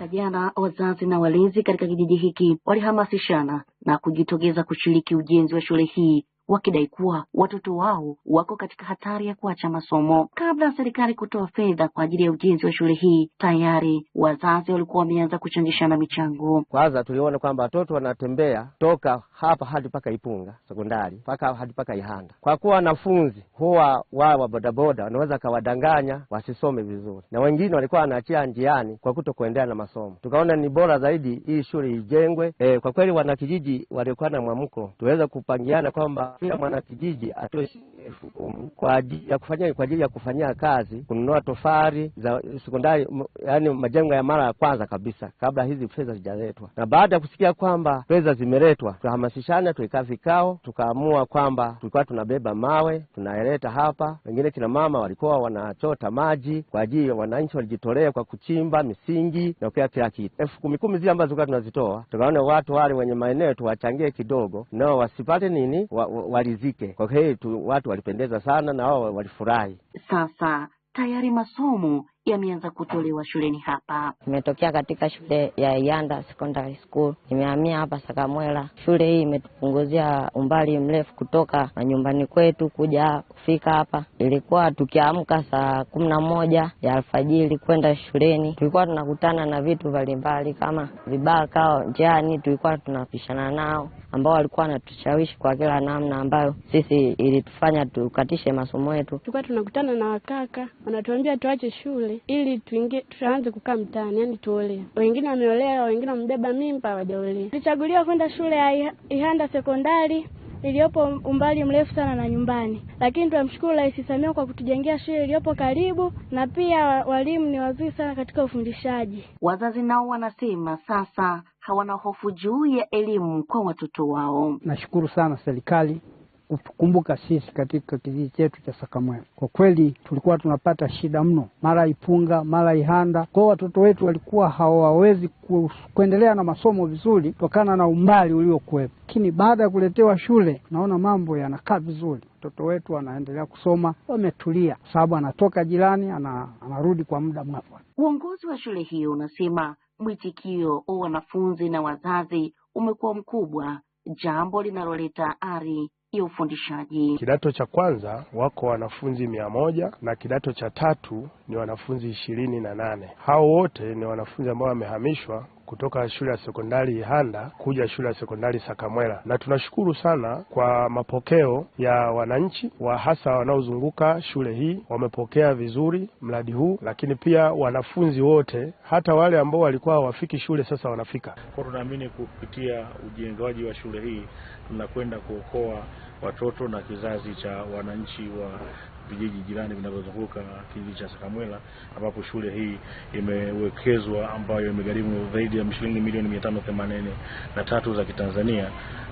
Mwaka jana wazazi na walezi katika kijiji hiki walihamasishana na kujitokeza kushiriki ujenzi wa shule hii wakidai kuwa watoto wao wako katika hatari ya kuacha masomo. Kabla ya serikali kutoa fedha kwa ajili ya ujenzi wa shule hii, tayari wazazi walikuwa wameanza kuchangishana michango. Kwanza tuliona kwamba watoto wanatembea toka hapa hadi mpaka Ipunga sekondari mpaka hadi mpaka Ihanda, kwa kuwa wanafunzi huwa wao wa bodaboda wanaweza kawadanganya wasisome vizuri, na wengine walikuwa wanaachia njiani kwa kuto kuendelea na masomo. Tukaona ni bora zaidi hii shule ijengwe. E, kwa kweli wanakijiji waliokuwa na mwamko tuweza kupangiana kwamba kila mwanakijiji atoe elfu kumi kwa ajili ya kufanyia kwa ajili ya kufanyia kazi kununua tofari za sekondari, yaani majengo ya mara ya kwanza kabisa, kabla hizi fedha zijaletwa. Na baada ya kusikia kwamba fedha zimeletwa, tukahamasishana, tuikaa vikao, tukaamua kwamba tulikuwa tunabeba mawe tunaeleta hapa. Wengine kina mama walikuwa wanachota maji kwa ajili ya wananchi, walijitolea kwa kuchimba misingi na kukia kila kitu. elfu kumi kumi zile ambazo tulikuwa tunazitoa, tukaona watu wale wenye maeneo tuwachangie kidogo, nao wasipate nini wa, walizike. Kwa kweli watu walipendeza sana na wao walifurahi. Sasa tayari masomo yameanza kutolewa shuleni hapa. Imetokea katika shule ya Yanda Secondary School, imehamia hapa Sakamwela. Shule hii imetupunguzia umbali mrefu kutoka nyumbani kwetu kuja kufika hapa. Ilikuwa tukiamka saa kumi na moja ya alfajiri kwenda shuleni, tulikuwa tunakutana na vitu mbalimbali kama vibaka njiani, tulikuwa tunapishana nao ambao walikuwa wanatushawishi kwa kila namna, ambayo sisi ilitufanya tukatishe masomo yetu. Tulikuwa tunakutana na wakaka wanatuambia tuache shule tuole ili tuingie, tuanze kukaa mtaani, yani tuole. Wengine wameolewa, wengine wamebeba mimba, hawajaolewa. Nilichaguliwa kwenda shule ya Ihanda sekondari iliyopo umbali mrefu sana na nyumbani, lakini tunamshukuru Rais Samia kwa kutujengea shule iliyopo karibu, na pia walimu ni wazuri sana katika ufundishaji. Wazazi nao wanasema sasa hawana hofu juu ya elimu kwa watoto wao. Nashukuru sana serikali kutukumbuka sisi katika kijiji chetu cha Sakamwea. Kwa kweli tulikuwa tunapata shida mno, mara Ipunga, mara Ihanda, kwao watoto wetu walikuwa hawawezi kuendelea na masomo vizuri kutokana na umbali uliokuwepo. Lakini baada ya kuletewa shule, tunaona mambo yanakaa vizuri, watoto wetu wanaendelea kusoma, wametulia, kwa sababu anatoka jirani ana, anarudi kwa muda mwafaka. Uongozi wa shule hiyo unasema mwitikio wa wanafunzi na wazazi umekuwa mkubwa, jambo linaloleta ari ya ufundishaji. Kidato cha kwanza wako wanafunzi mia moja na kidato cha tatu ni wanafunzi ishirini na nane. Hao wote ni wanafunzi ambao wamehamishwa kutoka shule ya sekondari Ihanda kuja shule ya sekondari Sakamwela, na tunashukuru sana kwa mapokeo ya wananchi wa hasa wanaozunguka shule hii, wamepokea vizuri mradi huu, lakini pia wanafunzi wote, hata wale ambao walikuwa hawafiki shule sasa wanafika. Kwa tunaamini kupitia ujengaji wa shule hii tunakwenda kuokoa watoto na kizazi cha wananchi wa vijiji jirani vinavyozunguka kijiji cha Sakamwela ambapo shule hii imewekezwa ambayo imegharimu zaidi ya shilingi milioni mia tano themanini na tatu za Kitanzania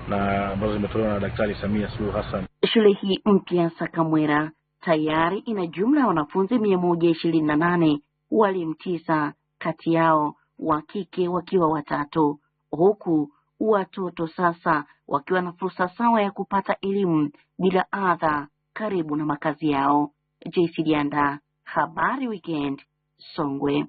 na ambazo zimetolewa na Daktari Samia Suluhu Hassan. Shule hii mpya Sakamwela tayari ina jumla ya wanafunzi mia moja ishirini na nane walimu tisa, kati yao wa kike wakiwa watatu, huku watoto sasa wakiwa na fursa sawa ya kupata elimu bila adha karibu na makazi yao. JC Dianda, Habari Weekend, Songwe.